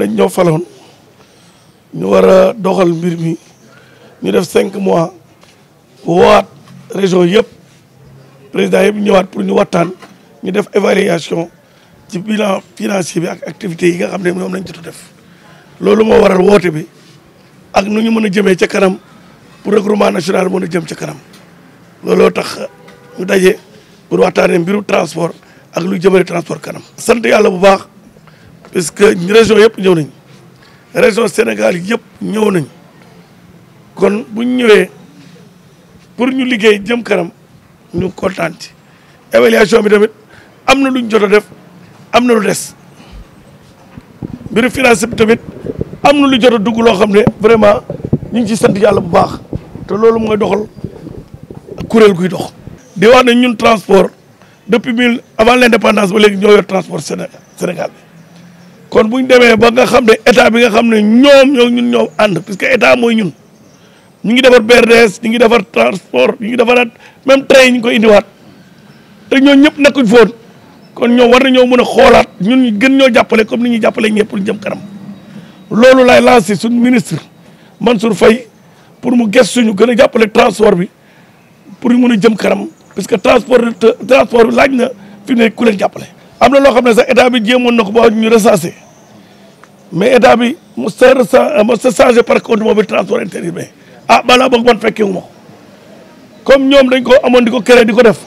dañ ñoo faloon ñu war a doxal mbir mi ñu def cinq mois woowaat région yëpp président yëpp ñëwaat pour ñu waxtaan ñu def évaluation ci bilan financier bi ak activités yi nga xam ne moom lañ jotu def loolu moo waral woote bi ak nu ñu mën a jëmee ca kanam pour regroupement national mën a jëm ca kanam looloo tax ñu daje pour waxtaanee mbiru transport ak lu jëmale transport kanam sant yàlla bu baax puisque région yëpp ñëw nañ région Sénégal yëpp ñëw nañ kon bu ñu ñëwee pour ñu liggéey jëm kanam ñu kontaan ci évaluation bi tamit am na luñ jot a def am na lu des mbiru finance bi tamit am na lu jot a dugg loo xam ne vraiment ñu ngi ciy sant yàlla bu baax te loolu mooy doxal kuréel guy dox. di wax ne ñun transport depuis mille avant l' indépendance ba léegi ñoo yor transport Sénégal bi. kon bu ñu demee ba nga xam ne état bi nga xam ne ñoom ñoo ñun ñoom ànd que état mooy ñun ñu ngi defar BRDS ñu ngi defar transport ñu ngi defaraat même train yi ñu koy indiwaat te ñoo ñëpp nekkuñ foon kon ñoom war na nañoo mën a xoolaat ñun ñu gën ñoo jàppale comme ni ñuy jàppale ñëpp pour jëm kanam loolu laay lancé suñu ministre man Mansour Faye pour mu gëstu ñu gën a jàppale transport bi pour ñu mën a jëm kanam parce que transport transport laaj na fi ne ku leen jàppale. am na loo xam ne sax état bi jéemoon na ko ba ñu recensé mais état bi mu sa recen mu sa changé parc automobile transport intérimaire ah balaa boog man fekkee wu ma ko ñoom dañ ko amoon di ko keree di ko def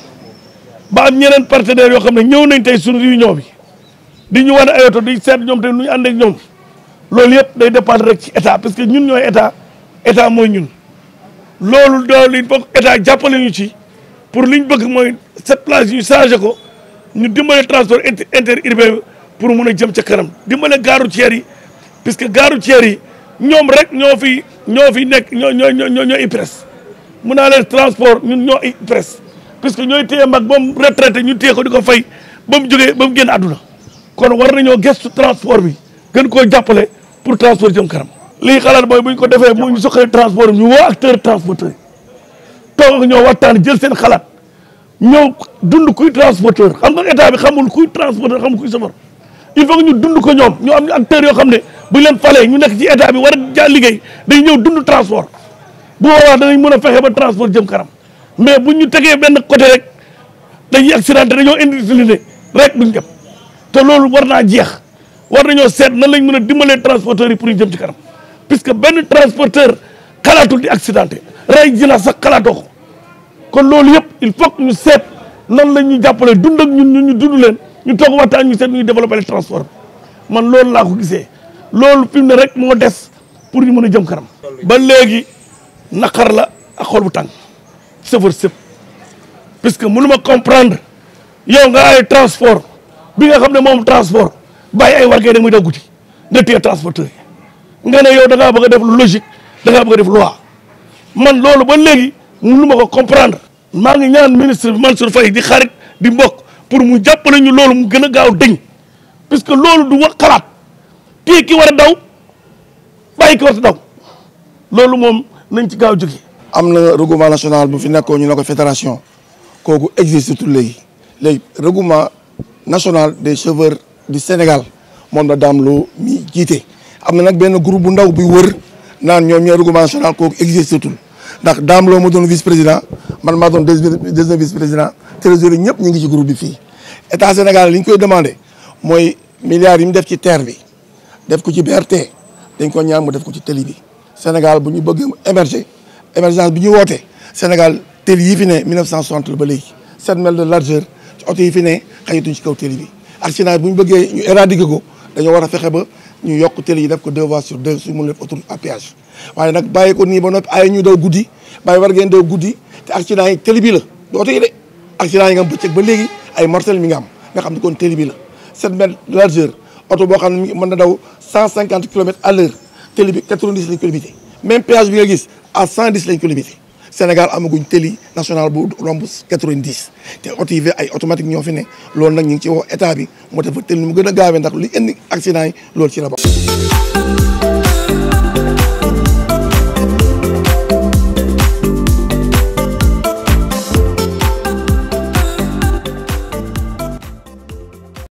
ba am ñeneen partenaires yoo xam ne ñëw nañ tey suñu réunion bi di ñu wane ay oto di seet ñoom te nu ñu ànd ak ñoom loolu yëpp day dépendre rek ci état parce que ñun ñooy état état mooy ñun loolu doolu il faut état jàppale ñu ci pour liñ bëgg mooy cette place ñu changé ko ñu dimbalé transport interurbain pour mëna jëm ci kërëm dimbalé gaaru ceer yi puisque garu ceer yi ñom rek ñoo fi ñoo fi nekk ñoo ñoo ñoo ñoo IPRES transport ñun ñoo IPRES puisque ñooy téye mag ba mu retraité ñu téy ko diko fay bam mu bam ba aduna kon war nañu gëstu transport bi gën ko jappalé pour transport jëm kërëm li xalaat boy buñ ko défé mu ñu soxale transport ñu wo acteur transporteur tok ñoo waxtaan jël seen xalaat ñëw dund kuy transporteur xam nga état bi xamul kuy transporteur xamul kuy safar il faut que ñu dund ko ñoom ñu am ñu acteurs yoo xam ne bu ñu leen falee ñu nekk ci état bi war a ja liggéey day ñëw dund transport bu boobaa danañ mën a fexe ba transport jëm karam mais bu ñu tegee benn côté rek dañuy accidenté dañoo indiscipliné rek duñ dem te loolu war naa jeex war nañoo seet nan lañ mën a dimbalee transporteurs yi pour jëm ci kanam puisque benn transporteur xalaatul di accidenté rey jina sax xalaatoo kon lolou yep il faut que ñu seet nan lañu jappalé dund ak ñun ñu dund leen ñu tok waxtaan ñu sét ñu développer le transport man lolou la ko gisee lolou fi rek mo dess pour ñu mëna a jëm kanam. ba légui nakar la ak xol bu tàng chauffeur sëpp parce que mënu ma comprendre yow nga ay transport bi nga xamné mom transport bay ay wargee da muy daw guddi nga transporteur nga né yow da nga bëgg def lu logique da nga bëgg def loi man lolou ba légui mënu ma ko comprendre maa ngi ñaan ministre bi Mansour Faye di xarit di mbokk pour mu jàppale ñu loolu mu gën a gaaw dëñ parce que loolu du wax xalaat téye ki war a daw bàyyi ki war a daw loolu moom nañ ci gaaw jóge am na regroupement national bu fi nekkoon ñu ne ko fédération kooku existe léegi léegi regroupement national des chauffeurs du Sénégal moom na daam loo mi jiite am na nag benn groupe bu ndaw buy wër naan ñoom ñooy regroupement national kooku existe tout ndax daam loo ma doon vice président man maa doon deuxième vice président trésorier ñëpp ñu ngi ci groupe bi fii état Sénégal li ñu koy demande mooy milliards yi mu def ci terre bi def ko ci BRT dañ ko ñaan mu def ko ci tëli bi Sénégal bu ñu bëgg émerger émergence bi ñu woote Sénégal tëli yi fi ne 1960 la ba léegi 7 mètres de largeur ci oto yi fi ne xëyatuñ ci kaw tëli bi accident bu ñu bëggee ñu éradiquer ko dañoo war a fexe ba ñu yokk tëli yi def ko deux voies sur deux su mun def autoroute waaye nag bàyyi ko nii ba noppi ñu daw guddi bàyyi war ngeen daw guddi te accident yi tëli bi la du oto yi de accident yi nga am bëccëg ba léegi ay mortel mi nga am nga xam ne kon tëli bi la 7 mètres de largeur oto boo xam ne mën na daw 150 kilomètres à l'heure tëli bi 90 lañ ko bi nga gis à 110 lañ ko limité Sénégal amaguñ tëli national bu romb 90 te automatique ñoo fi ne loolu nag ñu ngi ci woo état bi moo tax fa tëli mu gën a gaawee ndax li indi accident yi loolu ci la